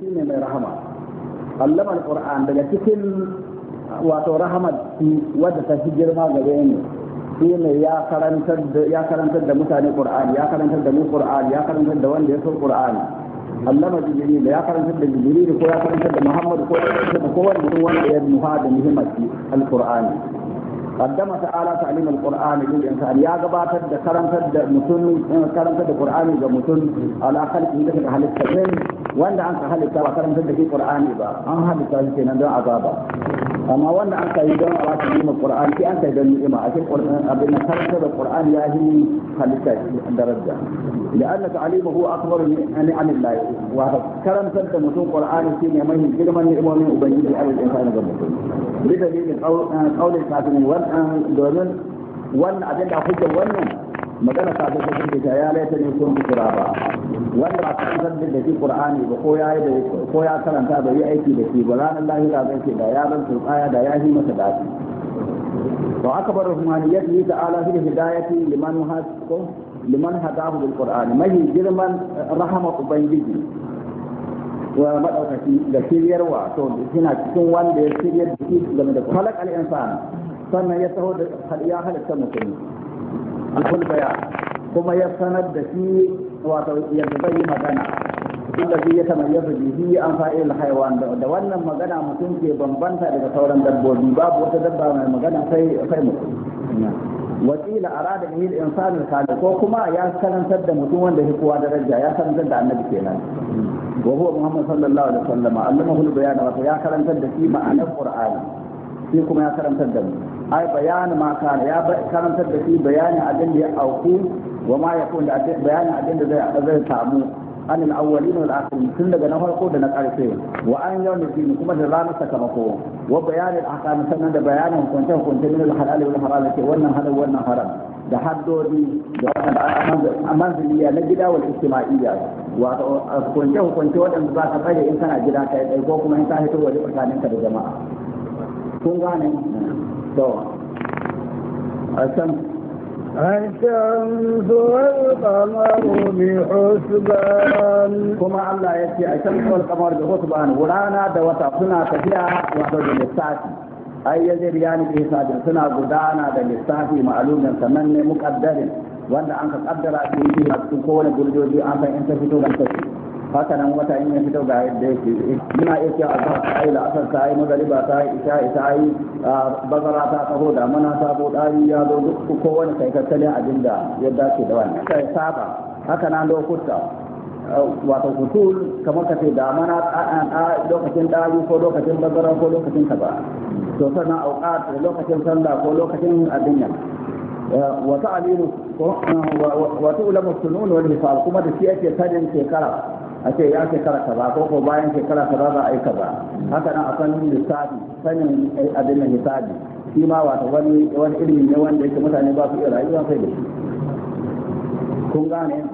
shi ne mai rahama allama alquran daga cikin wato rahamar shi wadda ta fi girma gare ni shi ne ya karantar da mutane qur'ani ya karantar da mu qur'ani ya karantar da wanda ya so qur'ani allama jibril ya karantar da jibril ko ya karantar da muhammad ko ya karantar da kowanne mutum wanda ya nuha da muhimmanci alqur'ani قدم تعالى تعليم القرآن للإنسان يا جبات كرمت متن كرمت القرآن جمتن على خلق من ذلك أهل السجن wanda an ka halitta ba karanta da shi qur'ani ba an halitta shi kenan don azaba amma wanda an ka yi don a wata nima qur'ani sai an ka yi don ni'ima a cikin qur'ani abin da karanta da qur'ani ya yi halitta shi daraja da anna ta'limuhu akbar min ni'amillahi wa karanta da mutum qur'ani ne mai girman ni'imomin ubangiji alal insani ga mutum bi da dalilin kaulin kafin wannan domin wannan abin da hujjar wannan magana ta ta shi da ya laita ne kun kira ba wanda ba ta san da shi qur'ani ba ko ya da ko ya karanta ba yi aiki da shi ba ranar lahira zai ce da ya ran tsaya da ya yi masa dafi to aka bar ruhmaniyati ta'ala fi hidayati liman muhasiko liman hadahu bil qur'ani mai girman eh, rahama ubangiji wa madaukaki da shiryarwa to yana cikin wanda ya shiryar da shi game da falak al-insan sannan ya taho da halitta mutum bikul baya kuma ya sanar da shi wato yadda zai yi magana inda shi ya tamayyaza bihi an fa'il haiwan da wannan magana mutum ke bambanta daga sauran dabbobi babu wata dabba mai magana sai sai mutum wakila arada bil insani salih ko kuma ya karantar da mutum wanda ya kowa daraja ya karantar da annabi kenan wa huwa muhammad sallallahu alaihi wasallam allama al bayan wa ya karantar da shi ma'anar qur'ani sai kuma ya karantar da mu ai bayanin ma kana ya karantar da shi bayanin abin da ya auku wa ma yakun da bayanin abin da zai zai samu an awwalin wal akhirin tun daga na farko da na karfe wa an ne din kuma da ranar sakamako wa bayanin ahkam sannan da bayanin hukunce hukunce min al-halal wal haram ke wannan halal wannan haram da haddodi da manziliya na gida wal istima'iyya wato hukunce hukunce wadanda za ka tsare in kana gida kai ko kuma in ka hito waje tsakaninka da jama'a kun Kuma Allah ya ce, An shamsu wal kamaru bi husban, rana da wata suna tafiya wato da lissafi. Ai, ya zai biya ni isa suna gudana da lissafi ma'alumin sanan ne muƙaddarin wanda an ka ƙaddara a cikin cikin kowane burjoji an san in ta fito da ta haka nan wata in ya fito ga yadda yake muna iya cewa zafi ta yi la'asar ta yi magariba ta yi isha ta yi bazara ta taho da mana ta ko dari ya zo duk kowane kai tattalin abin da ya dace da wannan kai saba haka nan lokuta wato kutul kamar ka ce da mana lokacin ɗari ko lokacin bazara ko lokacin kaza to sannan auqat lokacin sallah ko lokacin abin nan wa ta'limu wa ta'lamu sunun wani hisab kuma da shi ake sanin shekara a ce ya shekara kaza ko ko bayan shekara kaza za a yi kaza haka nan a sanin lissafi sanin eh, abin da hisabi shi ma wata wani wani ilimi ne wanda yake mutane ba su iya rayuwa sai da shi kun gane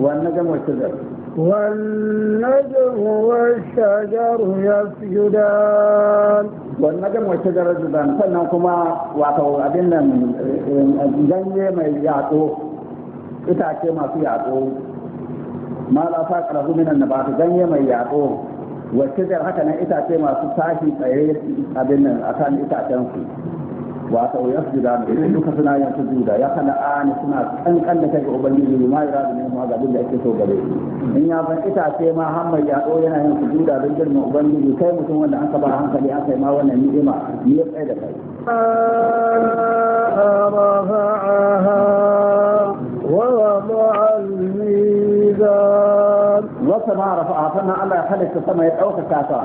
wannan jama'a shizar والنجم والشجر يسجدان والنجم والشجر يسجدان sannan kuma wato abin nan من eh, eh, mai yatsu itace masu yatsu ma la fa qarahu min an-nabat ganye mai yaƙo wa zai haka nan itace masu tashi tsaye abin nan akan itacen su ta ya su da mai duka suna yin su ya kana ani suna kankan da kai ga ubangiji ma ya rabu ne ma ga abin da yake so gare in ya ban itace ma har mai yaɗo yana yin su juda don girma ubangiji kai mutum wanda an ba hankali an kai ma wannan ni'ima ni ya tsaya da kai. sama a rafa'a sannan Allah ya halitta sama ya ɗaukaka kasa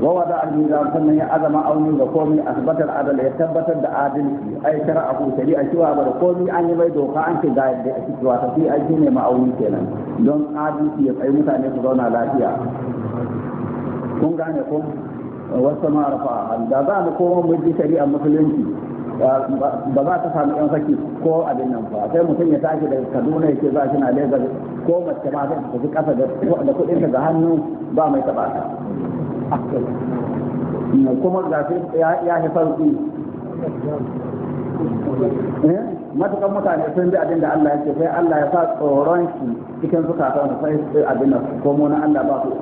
wa wada al-mizan sannan ya azama auni ga komai a tabbatar adal ya tabbatar da adalci ai tara abu tari a cewa ba da komai an yi mai doka an ce ga yadda ake cewa ta fi ma'auni kenan don adalci ya tsaye mutane su zauna lafiya kun gane ko wasu ma rafa'a da za mu koma mu ji shari'a musulunci ba za ta samu yan saki ko abin nan ba sai mutum ya tashi daga kaduna ya ce za shi na lagos ko mace ma sai tafi kasa da kuɗin ga hannu ba mai taɓa ta kuma ga ya fi sauki eh? matukan mutane sun bi abin da Allah ya ce sai Allah ya sa tsoron shi cikin zukatan sai abin da komo na Allah ba su